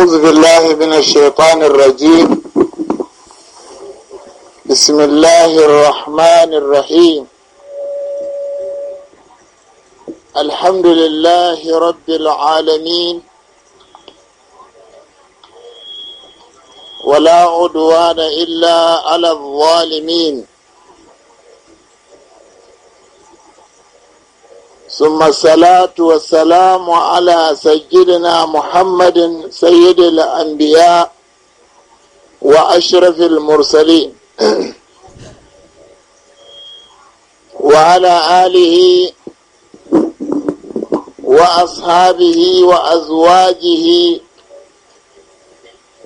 أعوذ بالله من الشيطان الرجيم بسم الله الرحمن الرحيم الحمد لله رب العالمين ولا عدوان إلا على الظالمين ثم الصلاة والسلام على سيدنا محمد سيد الأنبياء وأشرف المرسلين وعلى آله وأصحابه وأزواجه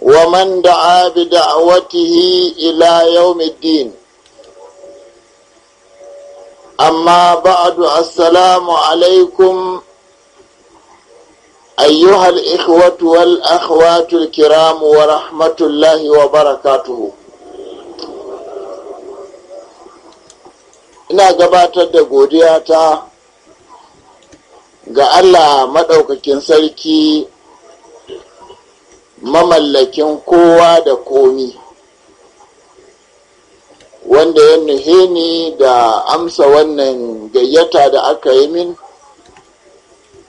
ومن دعا بدعوته إلى يوم الدين amma ba'adu assalamu alaikum ayyuhal ikhwatu wal akhwatu rahmatullahi wa barakatuhu ina gabatar da godiyata ga Allah maɗaukakin sarki mamallakin kowa da komi wanda ya nuhe ni da amsa wannan gayyata da aka yi min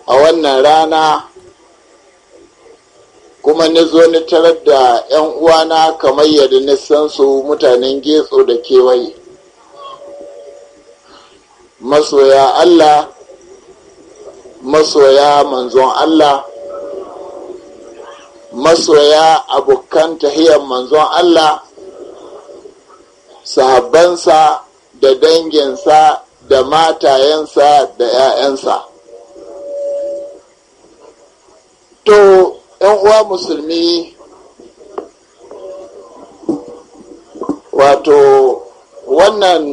a wannan rana kuma ni zo ni tarar da 'yan uwana kamar yadda na san su mutanen getso da kewaye masoya allah masoya manzon allah masoya abokan tahiyar manzon allah sahabbansa da danginsa da matayensa da 'ya'yansa to uwa musulmi wato wannan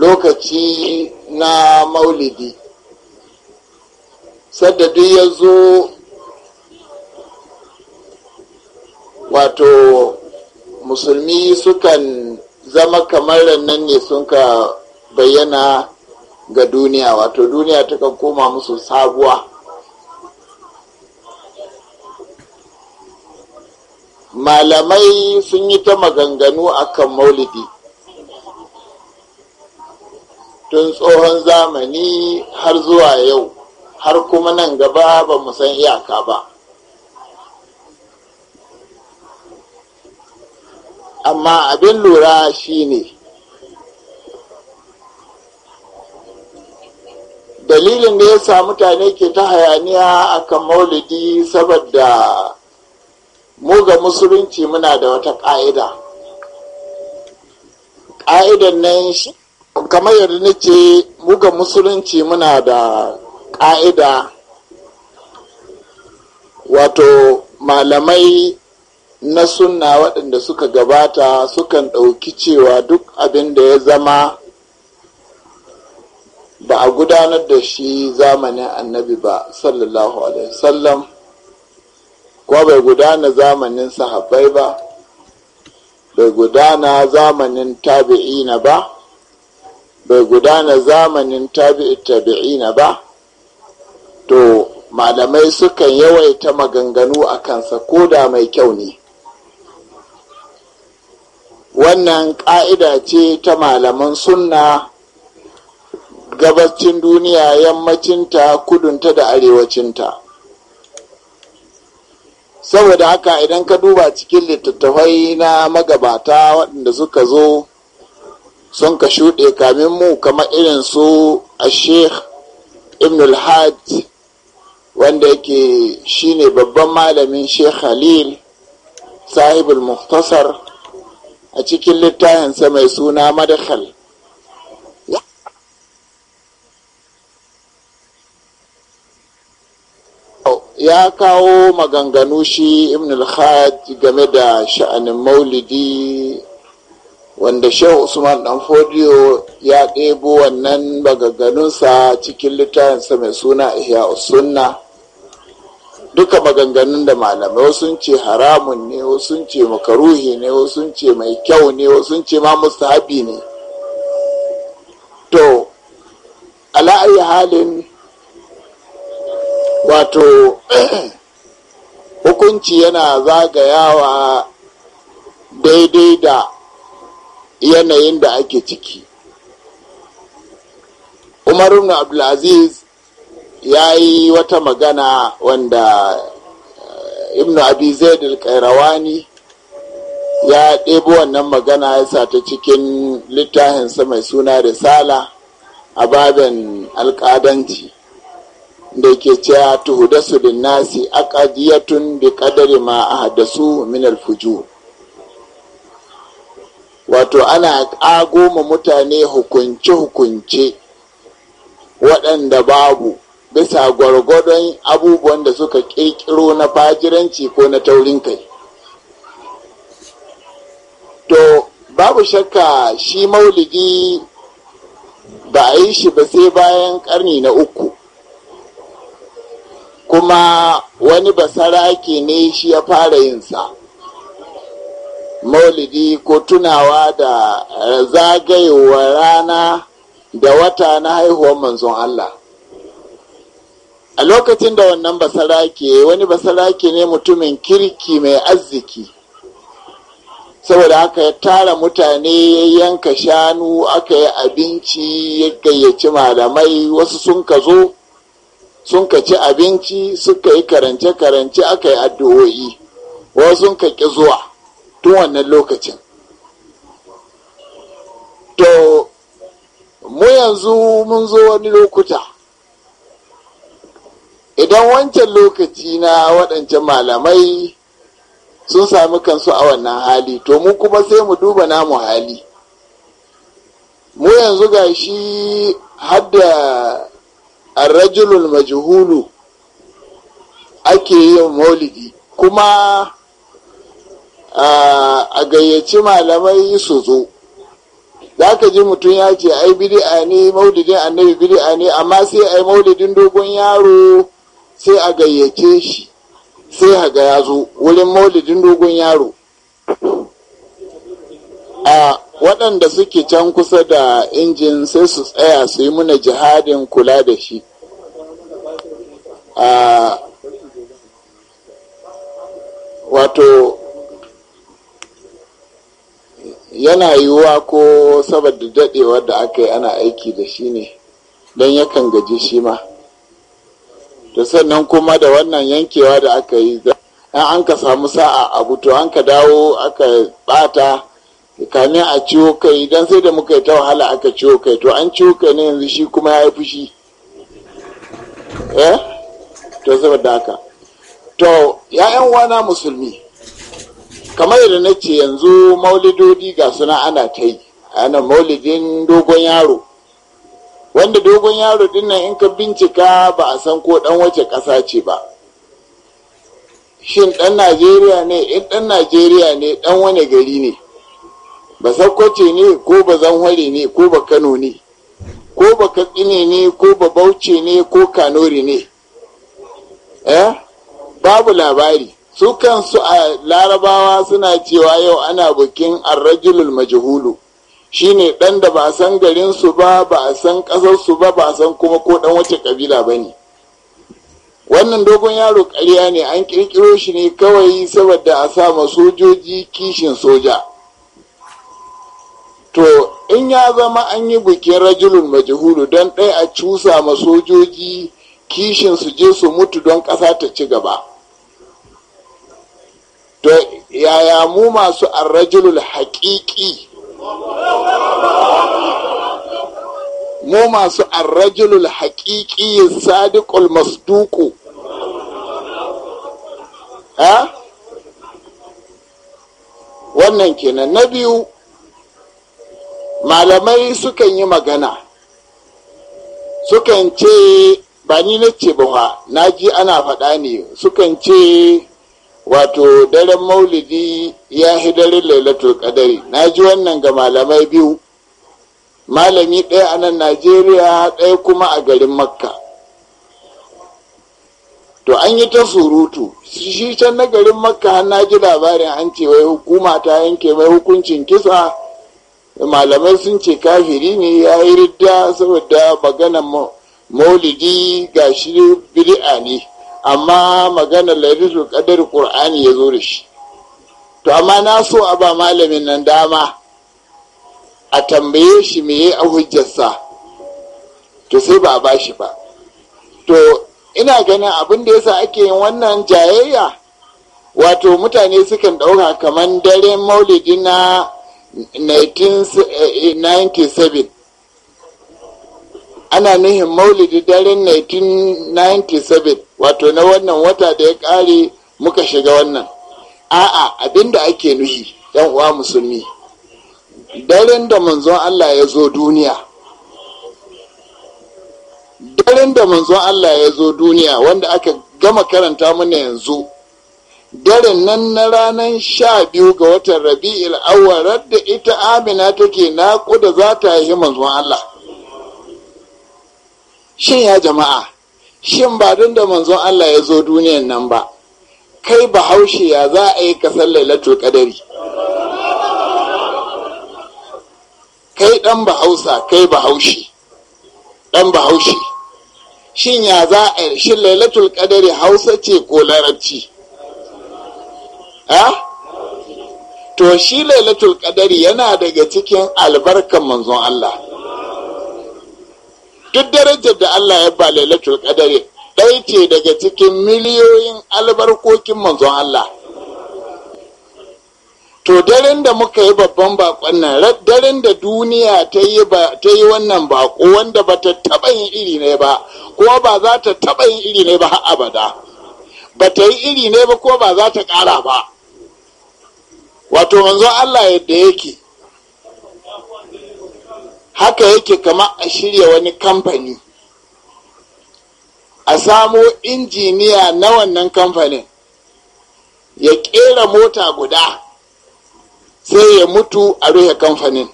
lokaci na maulidi sadda duk ya zo wato musulmi sukan zama kamar nan ne sun ka bayyana ga duniya wato duniya ta kan koma musu sabuwa malamai sun yi ta maganganu akan maulidi tun tsohon zamani har zuwa yau har kuma nan gaba ba musan san iyaka ba amma abin lura shine dalilin da ya sa mutane ke ta hayaniya a kan maulidi saboda mu ga musulunci muna da wata ƙa'ida ƙa'idan nan kamar yadda mu ga musulunci muna da ƙa'ida wato malamai na sunna waɗanda suka gabata sukan ɗauki cewa duk abin da ya zama ba a gudanar da shi zamanin annabi ba sallallahu alaihi wasallam ko bai gudana zamanin sahabbai ba bai gudana zamanin tabi'ina ba bai gudana zamanin tabi'i tabi'ina ba to malamai sukan yawaita maganganu a kansa ko da mai kyau ne wannan ƙa'ida ce ta malaman sunna gabacin duniya yammacinta kudunta da arewacinta saboda haka idan ka duba cikin littattafai na magabata waɗanda suka zo sun ka shuɗe kamin mu kamar irin su a sheikh ibn al-hajj wanda yake shine babban malamin sheikh khalil sahibul muhtasar a cikin littafinsa mai suna madakhal oh, ya kawo maganganu shi ibn al game da sha'anin maulidi wanda shehu usman dan fodiyo ya ɗebo wannan magaganunsa cikin littafinsa mai suna ihya sunna duka maganganun da malamai wasu sun ce haramun ne wasu sun ce makaruhi ne wasu sun ce mai kyau ne wasu sun ce ma mustahabi ne to ala'ayi halin wato hukunci yana zagayawa daidai da yanayin da ake ciki umaru na abdulaziz ya yi wata magana wanda eh, ibn abi zaid al ya ɗebo wannan magana ya sa ta cikin littafinsa mai suna risala a baben alƙadanci da ke cewa tuhudasu da nasi aqadiyatun bi qadari ma ahdasu min al wato ana ƙago ma mutane hukunce-hukunce waɗanda babu bisa gwargwadon abubuwan da suka ƙirƙiro na fajiranci ko na taurin kai to babu shakka shi maulidi ba a yi shi ba sai bayan ƙarni na uku kuma wani basarake ne shi ya fara yinsa maulidi ko tunawa da eh, zagayewa rana da wata na haihuwar manzon Allah a lokacin da wannan basarake wani basarake ne mutumin kirki mai arziki saboda haka ya tara mutane ya yanka shanu aka yi abinci ya gayyaci malamai wasu sun ka zo sun ka ci abinci suka yi karance-karance aka yi addu'o'i wasu sun ka ƙi zuwa tun wannan lokacin to mu yanzu mun zo wani lokuta idan wancan lokaci na waɗancan malamai sun sami kansu a wannan hali to mu kuma sai mu duba namu hali mu yanzu ga shi hadda arrajulul majhulu ake yin maulidi kuma a gayyaci malamai su zo za ka ji mutum ya ce ai bidi'a ne maulidin annabi bidi'a ne amma sai ai maulidin dogon yaro sai a gayyace shi sai haga ya zo wurin maulidin dogon yaro a waɗanda suke can kusa da injin sai su tsaya su yi muna jihadin kula da shi a wato yana yiwuwa ko saboda daɗewar da aka yi ana aiki da shi ne don yakan gaji shi ma da sannan kuma da wannan yankewa da aka yi in an ka samu sa'a abu to an ka dawo aka bata kane a ciwo kai don sai da muka yi ta wahala aka ciwo kai to an ciwo kai ne yanzu shi kuma ya yi fushi eh to saboda haka to ya'yan wana musulmi kamar yadda na ce yanzu maulidodi ga suna ana ta yi ana maulidin dogon yaro wanda dogon yaro din nan in ka bincika ba a san ko dan wace ƙasa ce ba shin dan najeriya ne in dan najeriya ne dan wani gari ne ba sakkwace ne ko ba zanware ne ko ba kano ne ko ba katsine ne ko ba bauchi ne ko kanori ne eh babu labari su kansu a larabawa suna cewa yau ana bukin arrajulul majhulu Shi ne ɗan da ba a san garinsu ba ba a san ƙasarsu ba ba a san kuma ko ɗan wace ƙabila ba ne wannan dogon yaro ƙarya ne an ƙirƙiro shi ne kawai saboda a sa ma sojoji kishin soja to in ya zama an yi bikin rajulun majihulu don ɗai a cusa ma sojoji kishin su je su mutu don ƙasa ta ci gaba to yaya mu masu arrajulul haƙiƙi mu masu arrajulul haƙiƙi sadiqul masduku ha wannan kenan na biyu malamai sukan yi magana sukan ce ba ni na ce ba na ji ana faɗa ne sukan ce wato daren maulidi ya fi daren lailatul kadari na ji wannan ga malamai biyu malami ɗaya a nan najeriya ɗaya kuma a garin makka to an yi ta surutu shi can na garin makka na ji labarin an ce wai hukuma ta yanke mai hukuncin kisa malamai sun ce kafiri ne ya yi ridda saboda maganan maulidi ga shi biri'a ne amma maganar lailatul ƙadar ƙur'ani ya zo da shi to amma na so a ba malamin nan dama a tambaye shi meye a hujjarsa to sai ba a ba shi ba to ina ganin abinda da yasa ake yin wannan jayayya wato mutane sukan ɗauka kamar daren maulidi na 1997 ana nihin maulidi daren 1997 wato na wannan wata da ya ƙare muka shiga wannan a'a abinda ake nuhi yan uwa musulmi daren da manzon Allah ya zo duniya daren da manzon Allah ya zo duniya wanda aka gama karanta mana yanzu daren nan na ranar sha biyu ga watan rabi'il awwalar da ita amina take naƙuda za ta yi manzon Allah shin ya jama'a shin ba don da manzon Allah ya zo duniyan nan ba kai bahaushe ya za a yi kasar lailatul kadari kai dan bahausa kai bahaushe dan bahaushe shin ya za a yi shin lailatul kadari hausa ce ko larabci eh to shi lailatul kadari yana daga cikin albarkan manzon Allah duk darajar da Allah ya ba lailatul qadari ɗaya ce daga cikin miliyoyin albarkokin manzon Allah to daren da muka yi babban bakon nan daren da duniya ta yi wannan bako wanda ba ta taba yin iri ne ba ko ba za ta taba yin iri ne ba har abada ba ta yi iri ne ba ko ba za ta kara ba wato manzo Allah yadda yake haka yake kama a shirya wani kamfani a samo injiniya na wannan kamfanin ya ƙera mota guda sai ya mutu a rufe kamfanin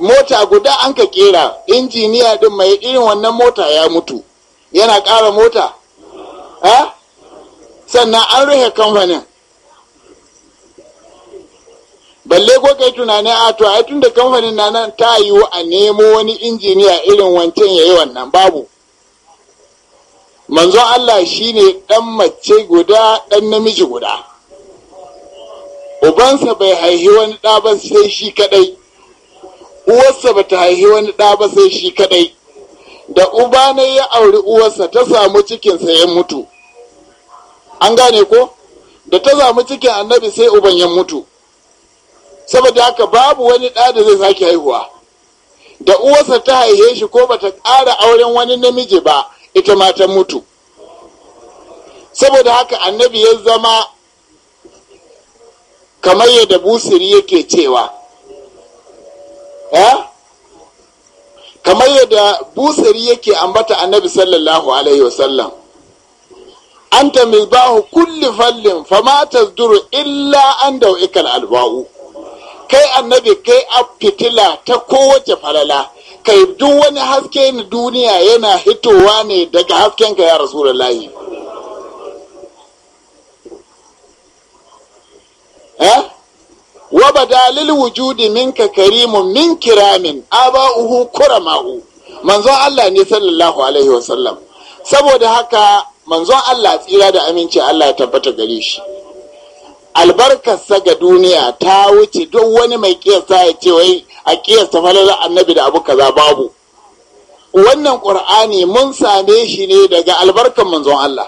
mota guda an ka ƙera injiniya din mai irin wannan mota ya mutu yana ƙara mota sannan an rufe kamfanin balle ko kai tunani a ah, to ai tunda kamfanin na nan ta yi a nemo wani injiniya irin wancan yayi wannan babu manzon Allah shine dan mace guda dan namiji guda ubansa bai haihi wani da ba sai shi kadai uwarsa bata haihi wani da ba sai shi kadai da uba ne ya auri uwarsa ta samu cikinsa ya mutu an gane ko da ta samu cikin annabi sai uban ya mutu saboda haka babu wani ɗa da zai sake haihuwa da uwarsa ta haihe shi ko bata ƙara auren wani namiji ba ita ma ta mutu saboda haka annabi ya zama kamar yadda busiri yake cewa eh? kamar yadda busiri yake ambata annabi sallallahu alaihi wasallam an ta misbahu kulli fallin fama tasduru illa an dau'ikal alba'u kai annabi kai a fitila ta kowace falala kai duk wani haske na duniya yana hitowa ne daga haskenka ya da eh? wa badalil wujudi minka karimun min kiramin kura ma'u manzon Allah ne sallallahu alaihi wasallam saboda haka manzon Allah tsira da aminci Allah ya tabbata gare shi albarkarsa ga duniya ta wuce duk wani mai kiyasta ya ce wai a kiyasta falalar annabi da abu kaza babu wannan ƙur'ani mun same shi ne daga albarkar manzon Allah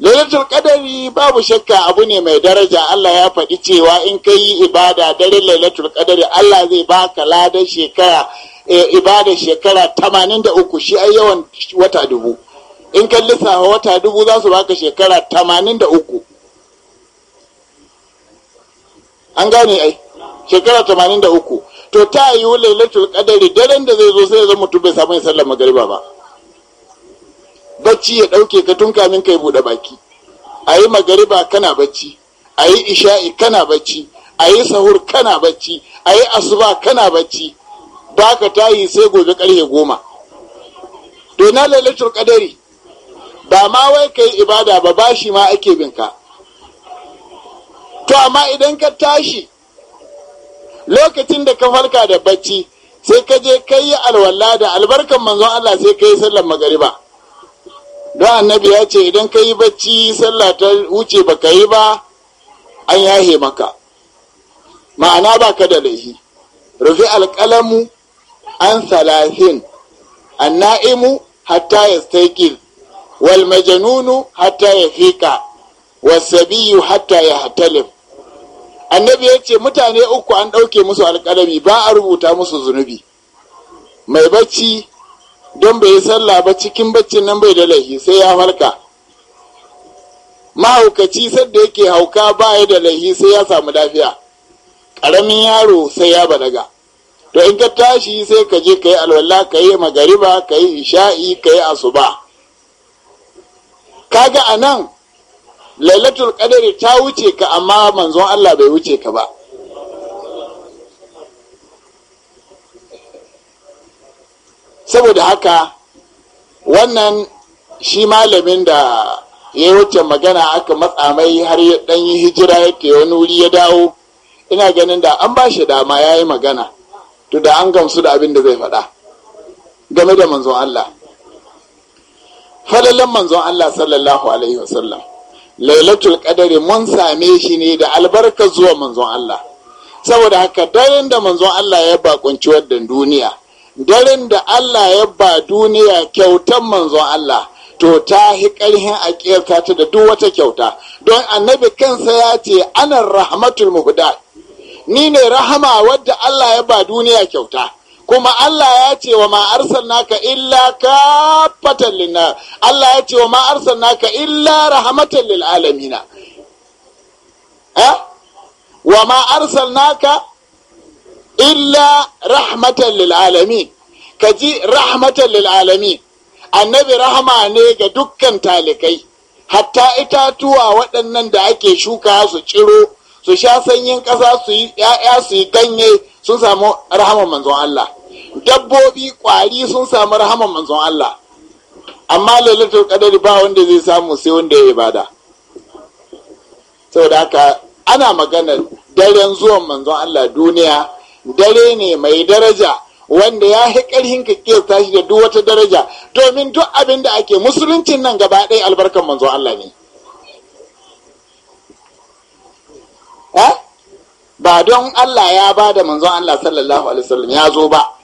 lailatul qadari babu shakka abu ne mai daraja Allah ya faɗi cewa in ka yi ibada dare lailatul qadari Allah zai baka ladan shekara eh, ibada shekara 83 shi ai yawan wata dubu in kan lissafa wata dubu za su baka shekara tamanin da uku an gane ai shekara tamanin da uku to ta yi lailatul kadari daren da zai zo sai zan zama mutum bai samu sallar magariba ba bacci ya ɗauke ka tun kamin kai buɗe baki a yi magariba kana bacci a yi isha'i kana bacci a yi sahur kana bacci a yi asuba kana bacci ba ka tayi sai gobe karfe goma to na kadari ba ma wai ka yi ibada ba bashi ma ake binka to amma idan ka tashi lokacin da ka farka da bacci sai ka je ka yi alwala da albarkar manzon Allah sai ka yi sallar magariba don annabi ya ce idan ka yi bacci sallah ta wuce ba ka yi ba an yahe maka ma'ana ba ka da laifi, rufe alƙalamu an an na'imu hatta ya staikil walmajanunu hata hatta ya fika wasabiyu hatta ya hatalif annabi ya ce mutane uku an ɗauke musu alƙalami ba a rubuta musu zunubi mai bacci don bai yi sallah ba cikin baccin nan bai da laifi sai ya farka mahaukaci sadda yake hauka ba ya da laifi sai ya samu lafiya ƙaramin yaro sai ya balaga to in ka tashi sai ka je ka yi alwala ka yi magariba ka yi isha'i ka yi asuba kaga a nan lailatul qadari ta wuce ka amma manzon Allah bai wuce ka ba saboda haka wannan shi malamin da ya wuce magana aka matsa mai har ya dan yi hijira yake wani wuri ya dawo ina ganin da an ba shi dama ya yi magana to da an gamsu da abin da zai faɗa game da manzon Allah falalan manzon Allah sallallahu alaihi wasallam lailatul qadari mun same shi ne da albarka zuwa manzon Allah saboda haka daren da manzon Allah ya bakunci wannan duniya daren da Allah ya ba duniya kyautan manzon Allah to ta hi ƙarhin a ƙiyarta ta da duk wata kyauta don annabi kansa ya ce ana rahmatul muhdad ni ne rahama wadda Allah ya ba duniya kyauta kuma Allah ya ce wa ma naka illa kafatan lina Allah ya ce wa ma naka illa rahmatan lil alamin eh wa ma naka illa rahmatan lil alamin kaji rahmatan lil alamin annabi rahama ne ga dukkan talikai hatta itatuwa waɗannan da ake shuka su ciro su sha sanyin ƙasa su yi ƴaƴa, su yi ganye sun samu rahaman manzon Allah dabbobi kwari sun samu rahama manzon Allah amma lailatul qadari ba wanda zai samu sai wanda ya ibada saboda haka ana magana daren zuwan manzon Allah duniya dare ne mai daraja wanda ya yi ƙarhin ka kiyasta shi da duk wata daraja domin duk abin da ake musuluncin nan gaba ɗaya albarkan manzon Allah ne eh? ba don Allah ya bada da manzon Allah sallallahu alaihi wasallam ya zo ba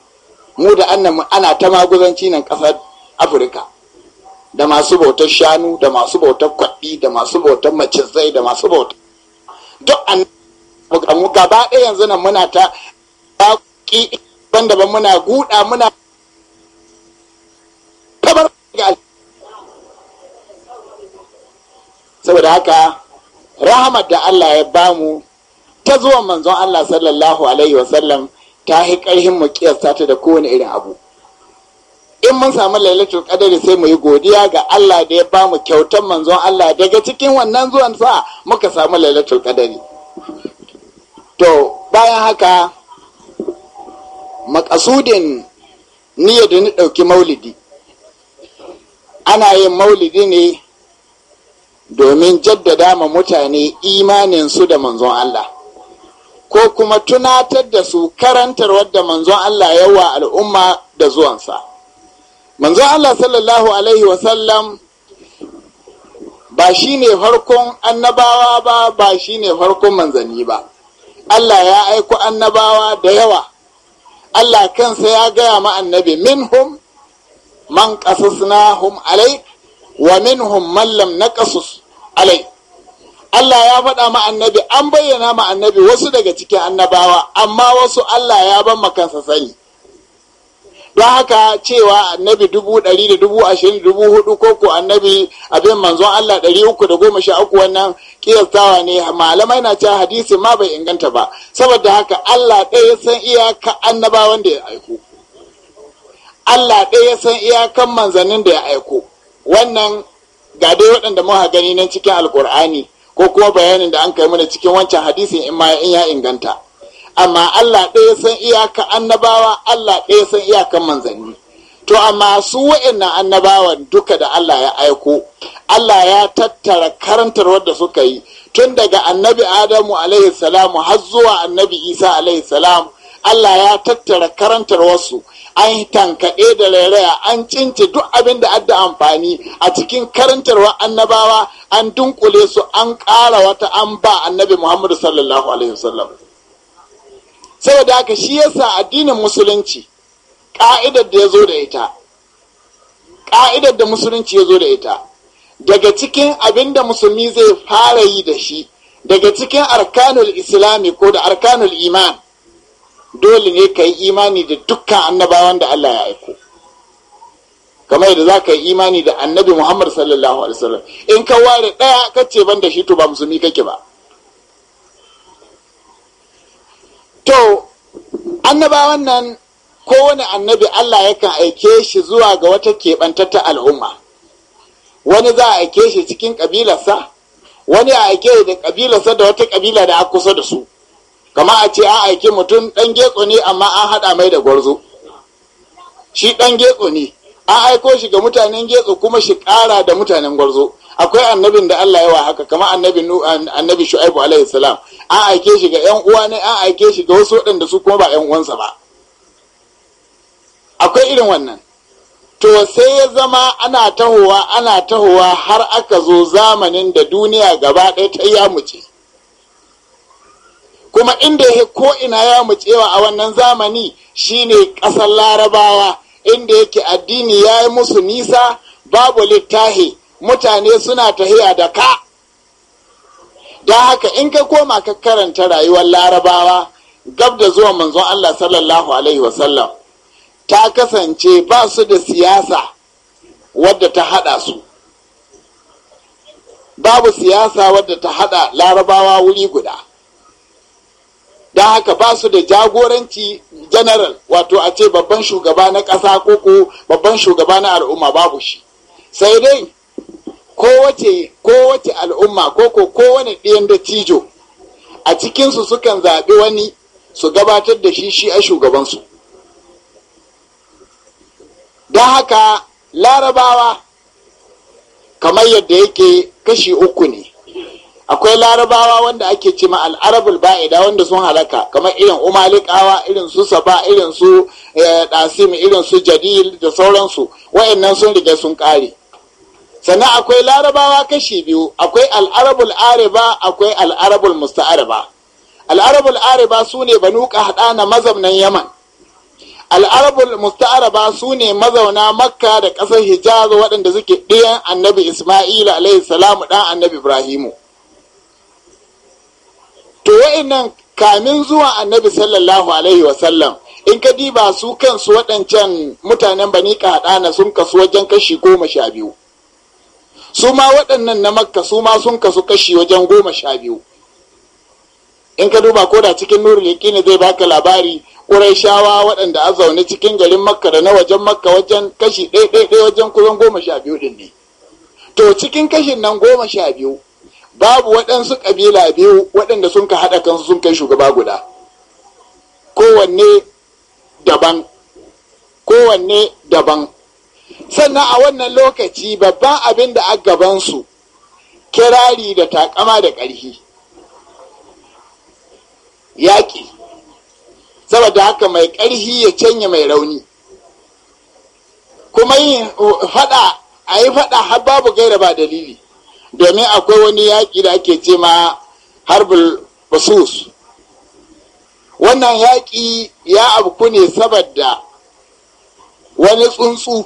mu da annan ana ta maguzanci nan ƙasar afirka da masu bautar shanu da masu bautar kwaɗi da masu bautar macizai da masu bautar duk an mu gaba ɗaya yanzu nan muna ta baƙi daban-daban muna guda muna kamar saboda haka rahamar da Allah ya bamu ta zuwan manzon Allah sallallahu alaihi wasallam ta yi ƙarhin mu kiyasta ta da kowane irin abu in mun samu lailatul qadari sai mu yi godiya ga Allah da ya ba mu kyautar manzon Allah daga cikin wannan zuwan sa muka samu lailatul qadari to bayan haka makasudin niyya da ni ɗauki maulidi ana yin maulidi ne domin jaddada ma mutane imanin su da manzon Allah ko kuma tunatar da su karantar wadda manzon Allah wa al'umma da zuwansa manzon Allah sallallahu alaihi wasallam ba shi ne farkon annabawa ba ba shi ne farkon manzanni ba Allah ya aiko annabawa da yawa Allah kansa ya gaya ma annabi minhum man hum alai wa minhum mallam na ƙasus alai Allah ya faɗa ma annabi an bayyana ma annabi wasu daga cikin annabawa amma wasu Allah ya ban makansa sani don haka cewa annabi dubu ɗari da dubu ashirin dubu hudu ko annabi abin manzon Allah ɗari uku da goma sha uku wannan kiyastawa ne malamai na cewa hadisi ma bai inganta ba saboda haka Allah ɗaya ya san iyaka annabawan da ya aiko Allah ɗaya ya san iyakan manzannin da ya aiko wannan ga dai waɗanda muka gani nan cikin alkur'ani ko kuma bayanin da an kai mana cikin wancan hadisin in ma in ya inganta amma Allah ɗaya san iyaka annabawa Allah ɗaya san iyakan manzanni to amma su wa'annan annabawan duka da Allah ya aiko Allah ya tattara karantar wadda suka yi tun daga annabi Adamu alaihi salamu har zuwa annabi Isa alaihi salam Allah ya tattara karantarwarsu an yi tankaɗe da rairaya an cince duk abin da adda amfani a cikin karantarwar annabawa an dunkule su an ƙara wata an ba annabi muhammadu sallallahu alaihi wasallam saboda haka shi yasa addinin musulunci ƙa'idar da ya zo da ita ƙa'idar da musulunci ya zo da ita daga cikin abin da musulmi zai fara yi da shi daga cikin arkanul islami ko da arkanul iman dole ne ka yi imani da dukkan annabawan da Allah ya aiko kamar yadda za ka yi imani da annabi muhammad sallallahu alaihi wasallam in ka ware ɗaya ka ce ban da shi to ba musulmi kake ba to annabawan nan kowane annabi allah yakan aike shi zuwa ga wata keɓantattar al'umma wani za a aike shi cikin ƙabilarsa wani a aike da ƙabilarsa da wata ƙabila da a kusa da su kama a ce an aiki mutum ɗan geko ne amma an haɗa mai da gwarzo shi ɗan geko ne an aiko shi ga mutanen getso kuma shi ƙara da mutanen gwarzo akwai annabin da Allah yawa haka kama annabi annabi Shu'aibu alaihi salam an aike shi ga ƴan uwa ne an aike shi ga wasu waɗanda su kuma ba yan uwansa ba akwai irin wannan to sai ya zama ana tahowa ana tahowa har aka zo zamanin da duniya gaba ɗaya ta yamuce kuma inda ya ko ina ya mucewa a wannan zamani shine ƙasar larabawa inda yake addini ya yi musu nisa babu littahi mutane suna tahiya da ka Da haka in ka koma ka karanta rayuwar larabawa gab da zuwa manzon allah sallallahu alaihi wasallam ta kasance ba su da siyasa wadda ta hada su babu siyasa wadda ta hada larabawa wuri guda don haka ba su da jagoranci general wato a ce babban shugaba na ƙasa ko babban shugaba na al'umma babu shi sai dai kowace kowace al'umma koko kowane ɗiyan da cijo a cikinsu sukan zaɓi wani su gabatar da shi shi a shugabansu don haka larabawa kamar yadda yake kashi uku ne akwai larabawa wanda ake cema al'arabul ba'ida wanda sun halaka kamar irin umalikawa irin su saba irin su eh, dasim irin su jadil da sauransu wayannan sun riga sun kare sannan akwai larabawa kashi biyu akwai al'arabul ariba akwai al'arabul musta'ariba al'arabul ariba su ne banu na mazaunan yaman al'arabul musta'araba su ne mazauna makka da ƙasar hijaz waɗanda suke ɗiyan annabi isma'ila alaihi salamu ɗan annabi ibrahimu to wa'annan kamin zuwa annabi sallallahu alaihi wasallam in ka diba su kansu waɗancan mutanen bani na sun kasu wajen kashi goma sha biyu su ma waɗannan na makka su ma sun kasu kashi wajen goma sha biyu in ka duba koda cikin nuru ne zai baka labari shawa waɗanda a zaune cikin garin makka da na wajen makka wajen kashi ɗaya wajen kusan goma sha biyu ɗin ne to cikin kashin nan goma sha biyu babu waɗansu ƙabila biyu waɗanda sun ka haɗa kansu sun kai shugaba guda kowanne daban kowanne daban sannan a wannan lokaci babban abin da a gabansu kirari da takama da ƙarfi yaƙi saboda haka mai ƙarfi ya canya mai rauni kuma yin faɗa a yi faɗa har babu gaira ba dalili domin akwai wani yaƙi da ake ce ma harbul basus wannan yaƙi ya abu ne saboda wani tsuntsu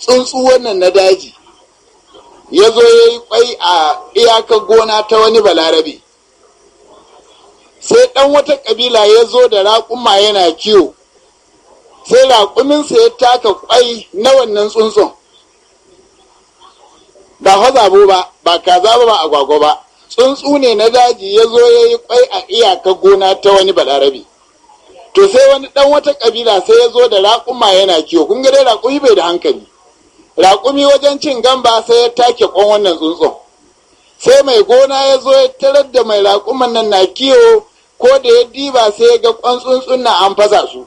tsuntsu wannan na daji ya zo ya yi kwai a iyakar gona ta wani balarabe sai ɗan wata ƙabila ya zo da raƙuma yana kiwo sai raƙuminsa ya taka kwai na wannan tsuntsun ba hazabo ba ba kaza ba ba agwagwa ba tsuntsu ne na daji ya zo ya yi kwai a iyaka gona ta wani balarabe to sai wani dan wata kabila sai ya zo da raƙuma yana kiwo kun ga dai raƙumi bai da hankali raƙumi wajen cin gamba sai ya take kwan wannan tsuntsun sai mai gona ya zo ya tarar da mai raƙuman nan na kiwo ko da ya diba sai ya ga kwan tsuntsun na an fasa su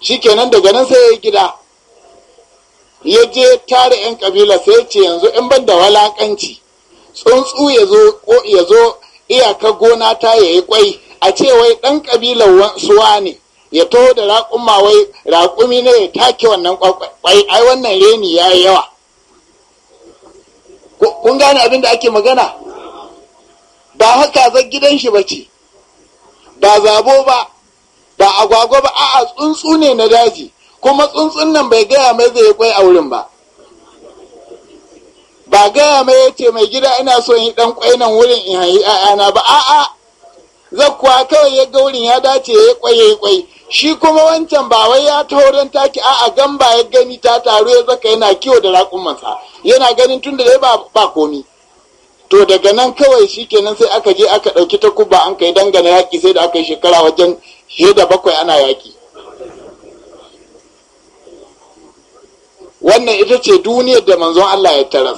Shi shikenan daga nan sai ya yi gida ya je tare 'yan kabila sai ce yanzu in ban da walakanci tsuntsu ya zo ya zo iyaka gona ta ya yi kwai a ce wai ɗan kabilar suwa ne ya taho da raƙumma wai raƙumi ne ya take wannan kwai ai wannan reni ya yi yawa kun gane abin da ake magana ba haka zan gidan shi bace ba zabo ba ba agwagwa ba a'a tsuntsu ne na daji kuma tsuntsun nan bai gaya mai zai kwai a wurin ba ba gaya mai ya ce mai gida ina so yi dan kwai nan wurin in hayi ana ba a'a kuwa kawai ya ga wurin ya dace ya kwai ya kwai shi kuma wancan ba wai ya taho don taki a a'a gamba ya gani ta taru ya zaka yana kiwo da masa yana ganin tun da ba ba komi to daga nan kawai shi kenan sai aka je aka ɗauki ta kuba an kai dangane yaƙi sai da aka yi shekara wajen shi da bakwai ana yaƙi wannan ita ce duniyar da manzon Allah ya tarar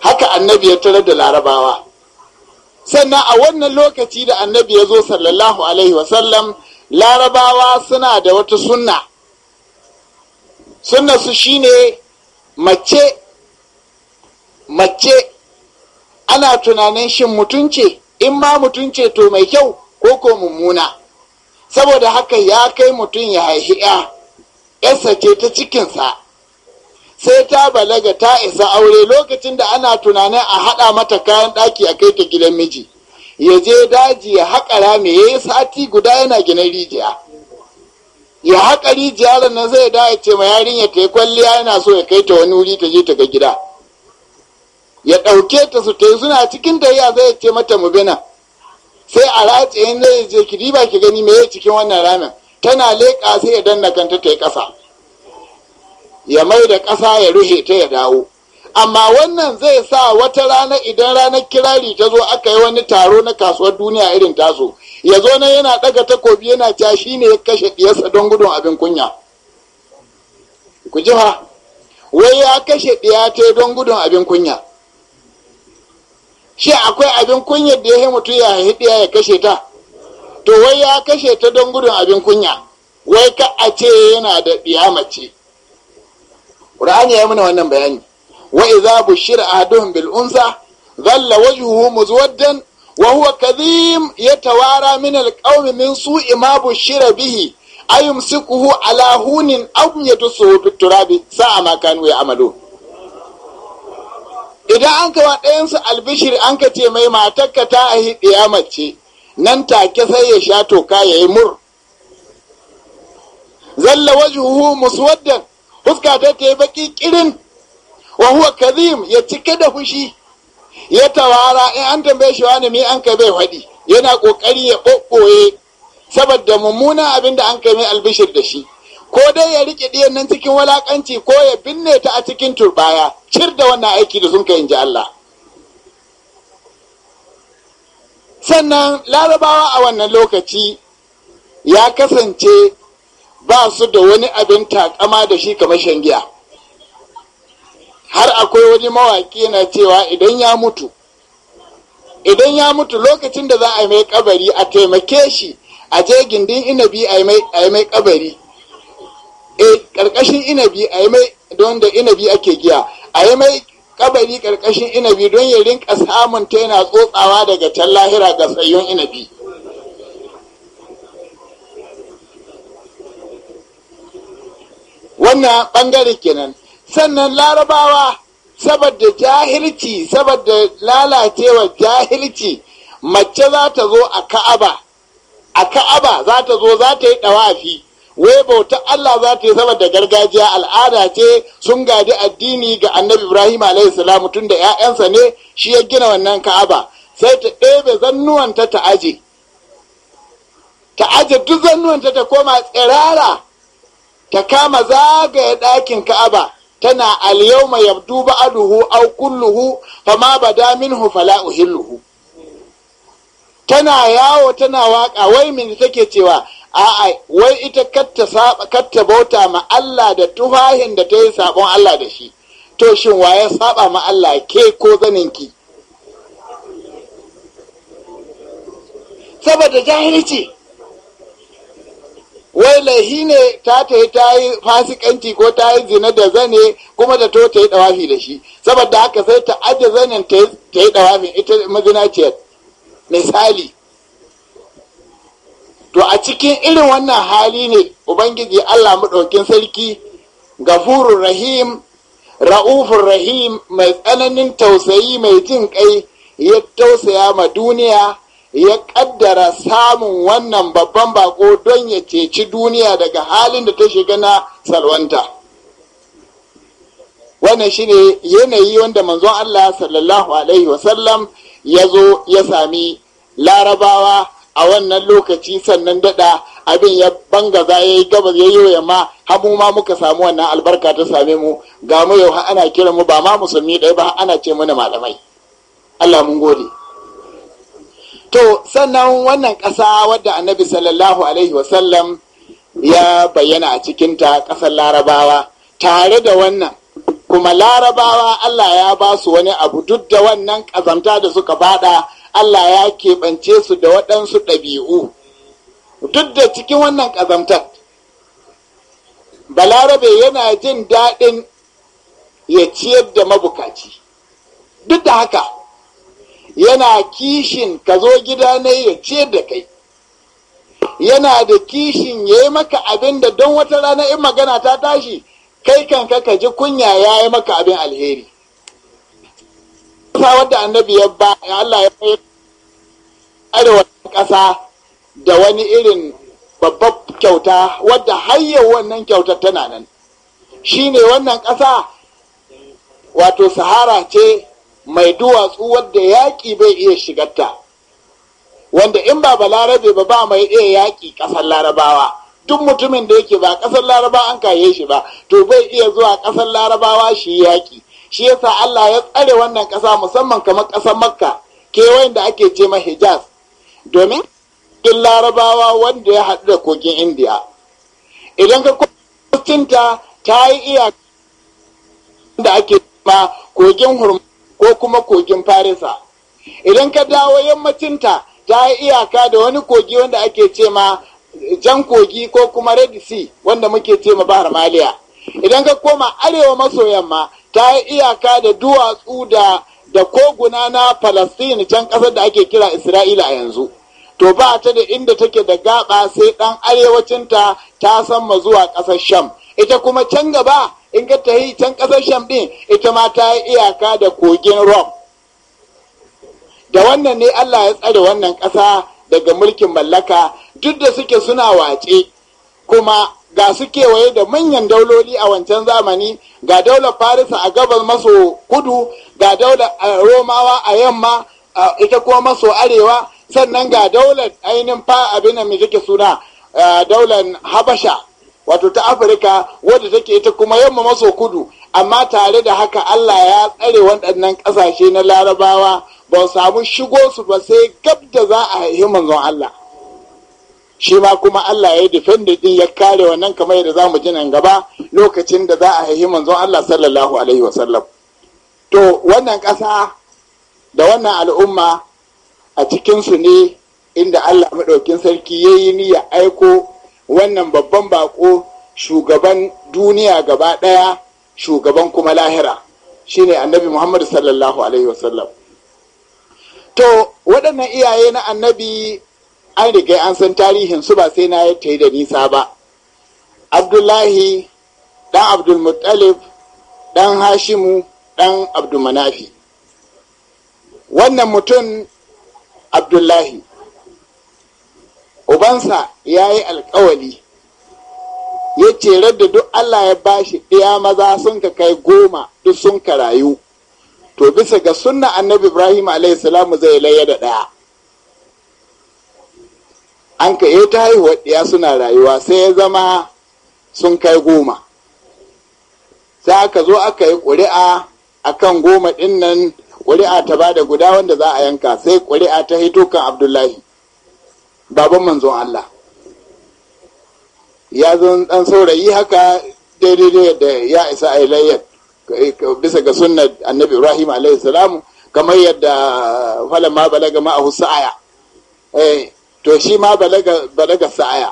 haka annabi ya tarar da larabawa sannan a wannan lokaci da annabi ya zo sallallahu alaihi wasallam larabawa suna da wata sunna sunna su shine mace mace ana tunanin shin mutunce in ma mutunce to mai kyau ko ko mummuna saboda haka ya kai mutum ya haihi ya ƙasa ce ta cikinsa sai ta balaga ta isa aure lokacin da ana tunanin a haɗa mata kayan ɗaki a kai ta gidan miji Yaje daji ya haƙa rami ya yi sati guda yana gina rijiya ya haƙa rijiya nan zai da ya ce ma yarinya ta yi kwalliya yana so ya kai ta wani wuri ta je ta ga gida ya ɗauke ta su ta yi suna cikin tahiya zai ce mata mu bina sai a ratse zai je ki riba ki gani me ya cikin wannan ramin tana leƙa sai ya danna kanta ta yi ƙasa ya mai da ƙasa ya ruhe ta ya dawo amma wannan zai sa wata rana idan ranar kirari ta zo aka yi wani taro na kasuwar duniya irin taso ya zo na yana ɗaga takobi yana ca shi ne ya kashe ɗiyarsa don gudun abin kunya ku ji fa wai ya kashe ɗiya ta don gudun abin kunya shi akwai abin kunya da ya mutu ya haihi ya kashe ta to wai ya kashe ta don gudun abin kunya wai ka a ce yana da ɗiyamace ƙur'ani ya mana wannan bayani wa idza Bil'unsa, Zalla bil unsa zalla wajhuhu muzwaddan wa huwa kadhim yatawara min al qawmi min su'i ma bushira bihi ayumsikuhu ala hunin aw yatusuhu bi turabi sa'a ma kanu ya'malu idan an kawo ɗayansu albishir anka ce mai matarka ta a ɗiya mace. nan take sai ya sha toka ya yi mur zalla wajuhu muswaddan fuska ta ta yi baki kirin wa huwa kazim ya cike da fushi ya tawara in an tambaye shi wani me an kai bai faɗi yana kokari ya ɓoɓɓoye saboda mummunan abin da an kai mai albishir da shi ko dai ya rike ɗiyan nan cikin walakanci ko ya binne ta a cikin turbaya cir da wannan aiki da sun kai in ji Allah sannan larabawa a wannan lokaci ya kasance ba su da wani abin takama da shi kamar shangiya har akwai wani mawaƙi yana cewa idan ya mutu idan ya mutu lokacin da za a yi mai kabari a taimake shi a je gindin inabi a yi mai kabari e ƙarƙashin inabi a yi mai don da inabi ake giya a yi mai kabari karkashin inabi don ya rinka samun ta yana tsotsawa daga can lahira ga tsayon inabi wannan bangare kenan sannan larabawa saboda jahilci saboda lalacewa jahilci mace za ta zo a ka'aba a ka'aba za ta zo za ta yi ɗawafi wai bauta Allah za ta yi da gargajiya al'ada ce sun gadi addini ga annabi Ibrahim alaihissalam tun da 'ya'yansa ne shi ya gina wannan ka'aba sai ta ɗebe zannuwanta ta aje ta aje duk zannuwanta ta koma tsirara ta kama zagaye ɗakin ka'aba tana alyawma yabdu aduhu au kulluhu fama damin minhu fala uhilluhu tana yawo tana waka wai min take cewa a'a wai ita katta bauta ma Allah da tufahin da ta yi sabon Allah da shi to shin wa ya saba ma Allah ke ko zaninki saboda jahilci wai laihi ne ta ta yi ta yi fasikanci ko ta yi zina da zane kuma da to ta yi dawafi da shi saboda haka sai ta aje zanen ta yi dawafin ita mazinaciyar misali to a cikin irin wannan hali ne ubangiji allah maɗaukin sarki gafurur rahim ra'ufur rahim mai tsananin tausayi mai jin ƙai ya tausaya ma duniya ya ƙaddara samun wannan babban bako don ya ceci duniya daga halin da ta shiga na salwanta wannan shi ne yanayi wanda manzon allah sallallahu alaihi wasallam ya zo ya sami larabawa a wannan lokaci sannan daɗa abin ya bangaza ya yi gabas ya yi yamma hamu ma muka samu wannan albarka ta same mu ga mu yau ana kira mu ba ma musulmi ɗaya ba ana ce mana malamai Allah mun gode to sannan wannan ƙasa wadda annabi sallallahu alaihi wasallam ya bayyana a cikinta ƙasar larabawa tare da wannan kuma larabawa Allah ya ba su wani abu duk da wannan ƙazamta da suka faɗa. Allah ya keɓance su da waɗansu ɗabi'u duk da cikin wannan ƙazamtar balarabe yana jin daɗin ya ciyar da mabukaci duk da haka yana kishin ka zo gida ne ya ciyar da kai yana da kishin ya yi maka abin da don wata rana in magana ta tashi kai kanka ka ji kunya ya yi maka abin alheri ƙasa wadda annabi ya ba Allah ya fi arewa ƙasa da wani irin babbar kyauta wadda hayyar wannan kyautar tana nan shi ne wannan ƙasa wato sahara ce mai duwatsu wadda yaƙi bai iya shigarta wanda in ba Balarabe ba ba mai iya yaƙi ƙasar larabawa duk mutumin da yake ba ƙasar larabawa an kaye shi ba to bai iya zuwa ƙasar larabawa shi yaƙi shi yasa Allah ya tsare wannan ƙasa musamman kamar ƙasar makka kewayen da ake ce ma hijaz domin in larabawa wanda ya haɗu da kogin indiya idan ka kwacinta ta yi iya da ake ma kogin hurma ko kuma kogin farisa idan ka dawo yammacinta ta yi iyaka da wani kogi wanda ake ce ma jan kogi ko kuma red sea wanda muke ce ma bahar maliya idan ka koma arewa maso yamma ta yi iyaka da duwatsu da da koguna na Falastin can ƙasar da ake kira Isra'ila a yanzu. To ba ta da inda take da gaba sai dan arewacinta ta san ma zuwa ƙasar Sham. Ita kuma can gaba in ka tahi can ƙasar Sham ɗin ita ma ta yi iyaka da kogin Rom. Da wannan ne Allah ya tsare wannan ƙasa daga mulkin mallaka duk da suke suna wace kuma ga su kewaye da manyan dauloli a wancan zamani ga daular farisa a gabas maso kudu ga daular romawa a yamma ita kuma maso arewa sannan ga daular ainihin fa abin mai take suna daular habasha wato ta afirka wadda take ita kuma yamma maso kudu amma tare da haka allah ya tsare waɗannan ƙasashe na larabawa ba samu shigo su ba sai gab da za a haihi manzon allah shi ma kuma Allah ya yi defended din ya kare wannan kamar yadda zamu ji nan gaba lokacin da za a haihi manzon Allah sallallahu alaihi wa sallam. to wannan ƙasa da wannan al'umma a cikin su ne inda Allah maɗaukin sarki ya yi niyya aiko wannan babban bako shugaban duniya gaba ɗaya shugaban kuma lahira shine annabi Muhammad sallallahu alaihi wa sallam. to waɗannan iyaye na annabi an riga an san tarihin su ba sai na ya ta da nisa ba abdullahi dan abdulmuttalib dan hashimu dan abdulmanafi wannan mutum abdullahi ubansa ya yi alkawali ya ce da duk allah ya bashi ɗaya maza sun ka kai goma duk sun ka rayu to bisa ga sunna annabi ibrahim alaihi zai layya da ɗaya an ka eh, ta haihuwar ɗaya suna rayuwa sai ya zama sun kai goma sai aka zo aka yi ƙuri'a a kan goma ɗin nan ƙuri'a ta ba da guda wanda za a yanka sai ƙuri'a ta hito kan abdullahi baban manzon allah ya zan ɗan saurayi haka daidai da ya isa a layyar eh, bisa ga sunnar annabi ibrahim alaihi salamu kamar yadda falama balaga ma'ahu sa'aya eh, to shi ma balaga sa'aya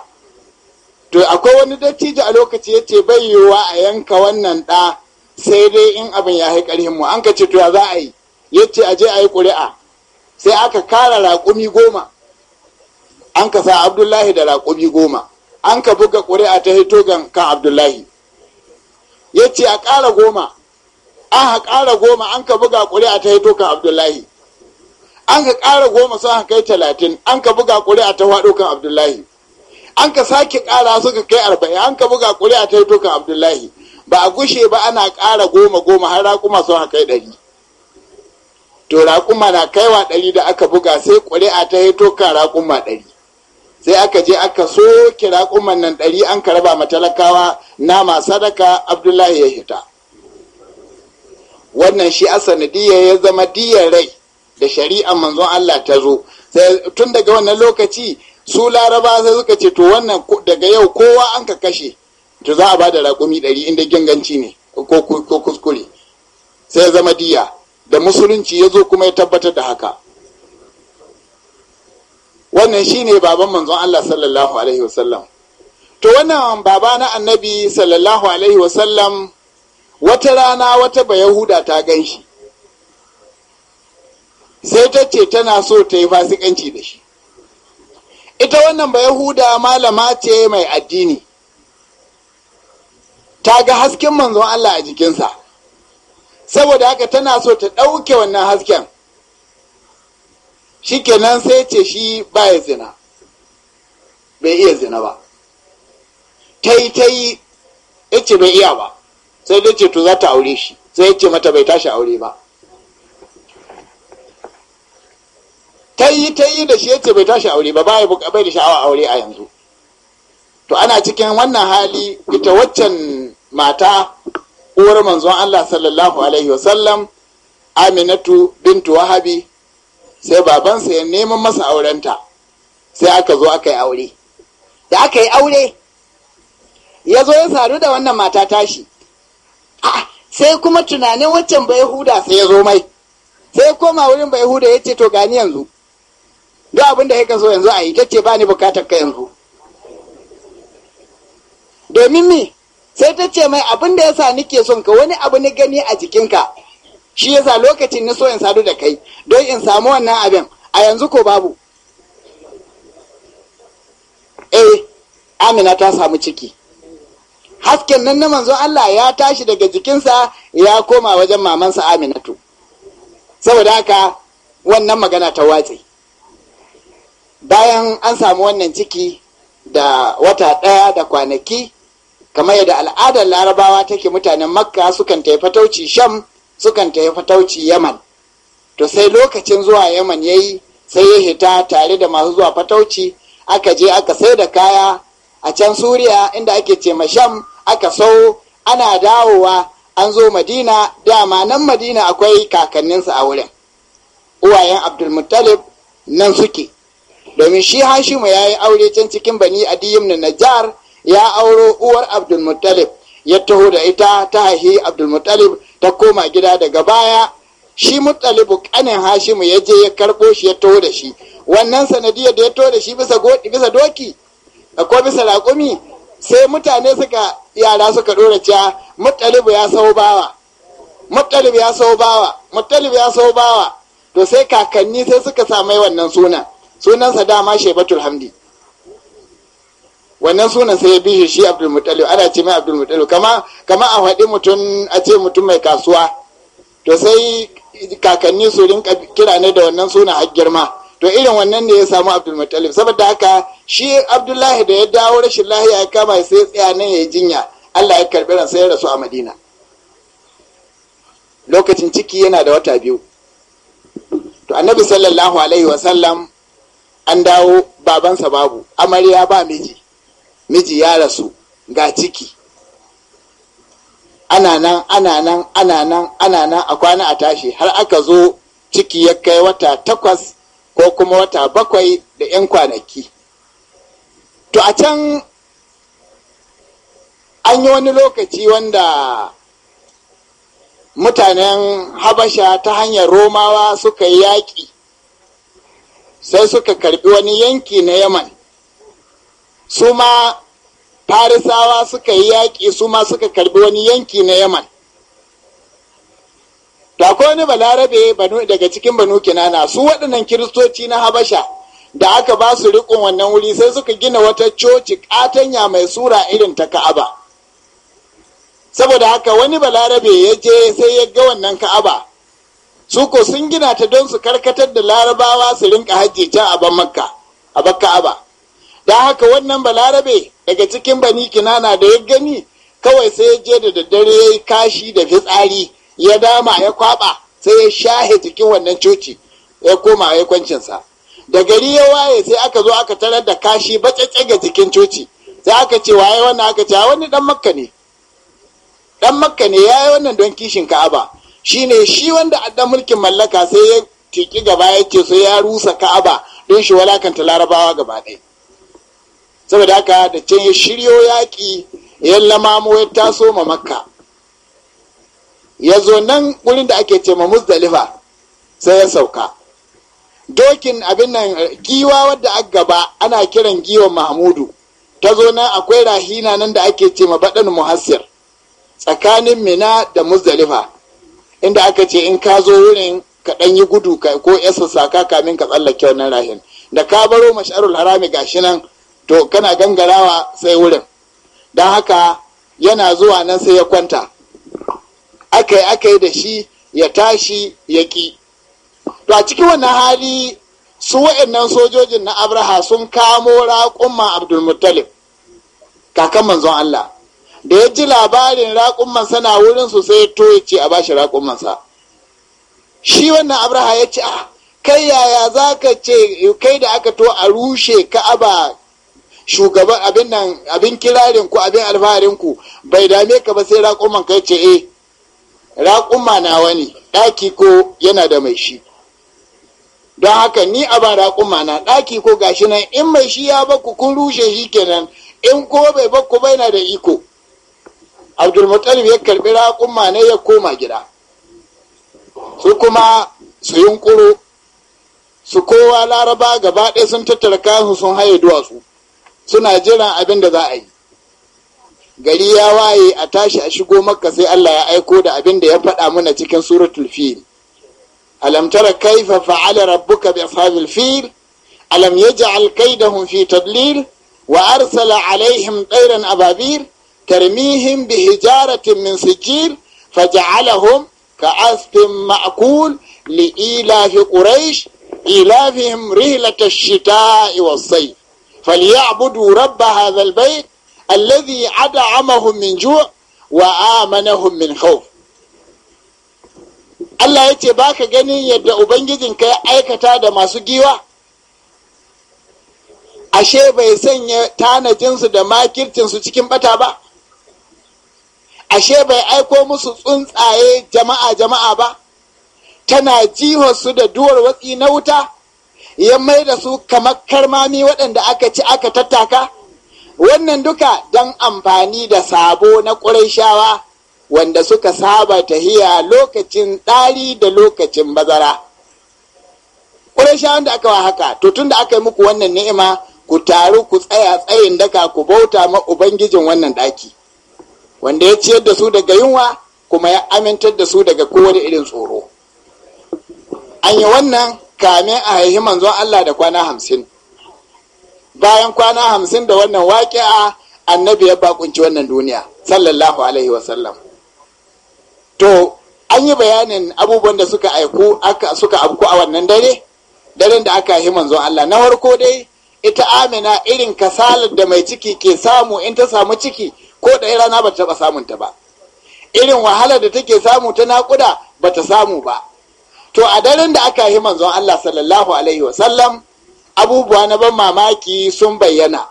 to akwai wani dattijo a lokaci ya ce bai yiwuwa a yanka wannan ɗa sai dai in abin ya haika ƙarhin mu an ka ce to ya za a yi ya ce a je a yi ƙuri'a sai aka kara raƙumi goma an ka sa abdullahi da raƙumi goma an ka buga ƙuri'a ta hito kan abdullahi ya ce a ƙara goma an ƙara goma an ka buga ƙuri'a ta hito kan abdullahi an ka ƙara goma sun an kai talatin an ka buga ƙuri'a ta faɗo kan abdullahi an ka sake ƙara suka kai arba'in an ka buga ƙuri'a ta yi tokan abdullahi ba a gushe ba ana ƙara goma goma har raƙuma sun kai ɗari to raƙuma na kaiwa ɗari da aka buga sai ƙuri'a ta yi tokan raƙuma ɗari sai aka je aka soke raƙuman nan ɗari an ka raba ma talakawa nama sadaka abdullahi ya hita wannan shi a ya zama diyar rai da shari'an manzon Allah ta zo tun daga wannan lokaci su laraba sai suka ce to wannan daga yau kowa an ka kashe to za a ba da raƙumi ɗari inda ganganci ne ko kuskure sai zama diya da musulunci ya zo kuma ya tabbatar da haka wannan shine baban manzon Allah sallallahu alaihi wasallam to wannan baba na annabi sallallahu alaihi wasallam wata rana wata yahuda ta gan shi sai ta ce tana so ta yi fasikanci da shi ita wannan ba yahuda malama ce mai addini ta ga hasken manzon Allah a jikinsa saboda haka tana so ta ɗauke wannan hasken shi kenan sai ce shi baya zina bai iya zina ba ta yi ta yi ya ce bai iya ba sai dai ce to za ta aure shi sai ya ce mata bai tashi aure ba ta yi ta yi da shi yace bai tashi aure ba ba bai bai da sha'awa aure a yanzu to ana cikin wannan hali ita waccan mata uwar manzon Allah sallallahu alaihi sallam Aminatu bintu Wahabi sai sa ya neman masa aurenta sai aka zo aka yi aure da aka yi aure ya zo ya sadu da wannan mata tashi ah, sai kuma tunanin waccan bai huda sai ya zo mai sai koma wurin bai huda ya ce to gani yanzu duk abin da ka so yanzu a yi ce ba ni bukatar ka yanzu domin mi sai ta ce mai abin da yasa nike son ka wani abu ni gani a jikinka shi yasa lokacin ni so in sadu da kai don in samu wannan abin a yanzu ko babu eh amina ta samu ciki hasken nan na manzon Allah ya tashi daga jikinsa ya koma wajen mamansa aminatu saboda haka wannan magana ta watse bayan an samu wannan ciki da wata ɗaya da kwanaki kamar yadda al'adar larabawa take mutanen makka sukan tafi fatauci sham sukan tafi fatauci yaman to sai lokacin zuwa yaman ya yi sai ya hita tare da masu zuwa fatauci aka je aka sai da kaya a can suriya inda ake ce ma sham aka sau ana dawowa an zo madina dama nan madina akwai kakanninsa a wurin uwayen abdulmuttalib nan suke domin shi hashimu ya yi aure can cikin bani adiyim na najar ya auro uwar abdulmuttalib ya taho da ita ta haihi abdulmuttalib ta koma gida daga baya shi muttalibu kanin hashimu ya je ya karbo shi ya taho da shi wannan sanadiyar da ya taho da shi bisa doki ko bisa raƙumi sai mutane suka yara suka dora cewa muttalibu ya sau bawa muttalib ya sau bawa muttalib ya sau bawa to sai kakanni sai suka samai wannan sunan sunansa dama shaibatul hamdi wannan sunan sai ya bi shi shi abdul ana ce mai abdul mutalib kama a faɗi mutum a ce mutum mai kasuwa to sai kakanni su rinka kira ne da wannan suna har girma to irin wannan ne ya samu abdul saboda haka shi abdullahi da ya dawo rashin lahiya ya kama sai ya tsaya nan ya yi jinya allah ya karɓi ransa ya rasu a madina lokacin ciki yana da wata biyu to annabi sallallahu alaihi wasallam an dawo babansa babu amarya ba miji miji ya rasu ga ciki ana nan ana nan ana nan ana nan a kwana a tashi har aka zo ciki ya kai wata takwas ko kuma wata bakwai da 'yan kwanaki to a can an yi wani lokaci wanda mutanen habasha ta hanyar romawa suka yi yaƙi sai suka karbi wani yanki na yaman su ma farisawa suka yi yaƙi su ma suka karbi wani yanki na yaman Ta ko wani balarabe daga cikin banu kinana su waɗannan kiristoci na habasha da aka ba su riƙon wannan wuri sai suka gina wata coci ƙatanya mai sura irin ta ka'aba saboda haka wani balarabe ya je sai ya ga wannan ka'aba su ko sun gina ta don su karkatar da larabawa su rinka hajji can a ban makka a bakka aba da haka wannan balarabe daga cikin bani kinana da ya gani kawai sai ya je da daddare ya yi kashi da fitsari ya dama ya kwaba sai ya shahe cikin wannan coci ya koma ya da gari ya waye sai aka zo aka tarar da kashi batsatse ga jikin coci sai aka ce waye wannan aka ce wani dan makka ne dan makka ne yayi wannan don kishin ka'aba shine shi wanda addan mulkin mallaka sai ya tiki gaba ya ce sai ya rusa ka'aba don shi walakanta larabawa gaba ɗaya saboda haka da ce ya shiryo yaƙi ya lamamo ya taso ma makka ya zo nan wurin da ake ce ma muzdalifa sai ya sauka dokin abin nan giwa wadda a gaba ana kiran giwan mahmudu ta zo nan akwai rahina nan da ake ce ma baɗan muhassir tsakanin mina da muzdalifa inda aka ce in ka zo wurin ka ɗan yi gudu ko yasa saka kamin ka tsallake wannan rahin da ka baro masharul harami gashi nan to kana gangarawa sai wurin don haka yana zuwa nan sai ya kwanta aka yi da shi ya tashi ya ƙi. to a cikin wannan hali su waɗannan sojojin na abraha sun kamo raƙumma abdulmuttalib kakan manzon allah da ya ji labarin raƙumman na wurin su sai to ya ce a bashi raƙumman sa shi wannan abraha ya ce a ah, kai yaya za ka ce kai da aka to a rushe ka'aba shugaban abin nan abin kirarin abin alfaharin ku bai dame ka ba sai raƙumman kai ce eh ma na wani ɗaki ko yana da mai shi don haka ni a ba ma na ɗaki ko gashi nan in mai shi ya baku kun rushe shi kenan in ko bai baku bai na da iko abdulmutalib ya karbi raƙumma ne ya koma gida su kuma su yunkuro su kowa laraba gaba ɗaya sun tattara kayansu sun haye duwatsu suna jiran abin da za a yi gari ya waye a tashi a shigo makka sai allah ya aiko da abin da ya faɗa mana cikin suratul fil alam tara kaifa fa'ala rabbuka bi ashabil fil alam yaj'al kaidahum fi tadlil wa arsala alaihim tsairan ababir. ترميهم bi hijaratin min فجعلهم faja'alahum ka'asfin ma'kul قريش ilafi إيلافهم رهلة الشتاء والصيف فليعبدوا رب هذا البيت الذي أدعمهم من جوع وآمنهم من خوف Allah ya ce ba ka ganin yadda Ubangijinka ya aikata da masu giwa? Ashe bai sanya tanajinsu da makircinsu cikin bata ba? ashe bai aiko musu tsuntsaye jama'a jama'a ba tana su da duwar watsi na wuta ya mai da su kamar karmami waɗanda aka ci aka tattaka wannan duka don amfani da sabo na shawa wanda suka saba ta tahiya lokacin ɗari da lokacin bazara shawa da aka wa haka to tun da aka yi muku wannan ni'ima ku taru ku tsaya tsayin daka ku bauta ma ubangijin wannan ɗaki wanda ya ciyar da su daga yunwa kuma ya amintar da su daga kowane irin tsoro an yi wannan kame a haihi manzon Allah da kwana hamsin bayan kwana hamsin da wannan waƙi'a annabi ya bakunci wannan duniya sallallahu alaihi wasallam to an yi bayanin abubuwan da suka aiku suka abku a wannan dare daren da aka yi manzo Allah na farko dai ita amina irin kasalar da mai ciki ke samu in ta samu ciki ko ɗaya rana ba ta taɓa samunta ba irin wahalar da take samu ta naƙuda ba ta samu ba to a daren da aka yi manzon Allah sallallahu alaihi wasallam abubuwa na ban mamaki sun bayyana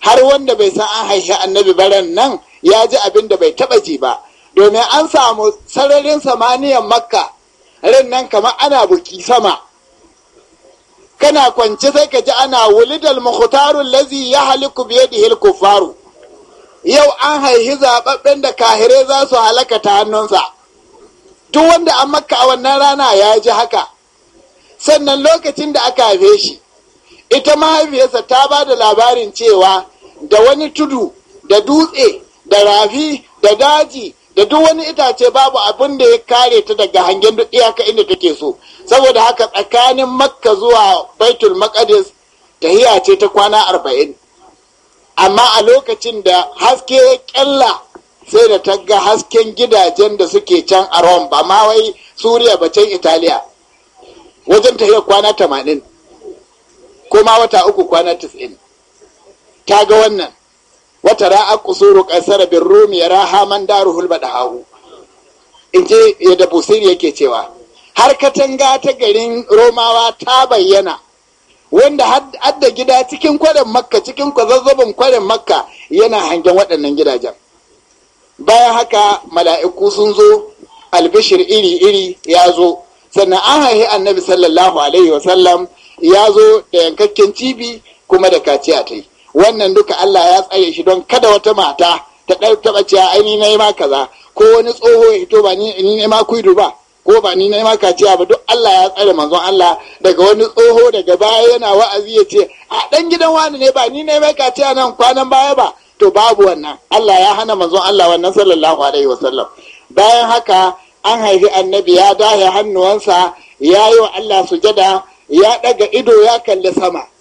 har wanda bai san an haihi annabi baran nan ya ji abin da bai taba ji ba domin an samu sararin samaniyan makka rin nan kamar ana buki sama kana kwance sai ka ji ana wulidal mukhtarul lazi ya haliku biyadihi al-kuffaru yau an haihi zaɓaɓɓen da kahire za su halaka ta hannunsa duk wanda an maka a wannan rana ya ji haka sannan lokacin da aka haife shi ita mahaifiyarsa ta ba da labarin cewa da wani tudu da dutse da rafi da daji da duk wani itace babu abin da ya kare ta daga hangen duk iyaka inda take so saboda haka tsakanin makka zuwa baitul maqdis tahiya ce ta kwana arba'in amma a lokacin da haske ya kyalla sai da ta ga hasken gidajen da suke can a Rome ba ma wai Suriya ba can Italiya wajen ta kwana tamanin ko ma wata uku kwana tis'in ta ga wannan wata ra'a kusuru kasara bin rumi ya raha man daru hulba da hahu in je yadda busiri yake cewa har katanga ta garin romawa ta bayyana wanda hadda gida cikin kwarin makka cikin kwazazzabin kwarin makka yana hangen waɗannan gidajen bayan haka mala'iku sun zo albishir iri-iri ya zo sannan an haihi annabi sallallahu alaihi wasallam ya zo da yankakken cibi kuma da kaciya ta yi wannan duka allah ya tsare shi don kada wata mata ta taɓa ta ai ni na yi ma kaza ko wani tsoho ya hito ba ni na yi ma kuidu ba ko ba ni na yi maka ba duk Allah ya tsare manzon Allah daga wani tsoho daga baya yana wa'azi ya ce a ɗan gidan wani ne ba ni na yi maka nan kwanan baya ba to babu wannan Allah ya hana manzon Allah wannan sallallahu alaihi wasallam bayan haka an haifi annabi ya dahe hannuwansa ya yi wa Allah sujada ya ɗaga ido ya kalli sama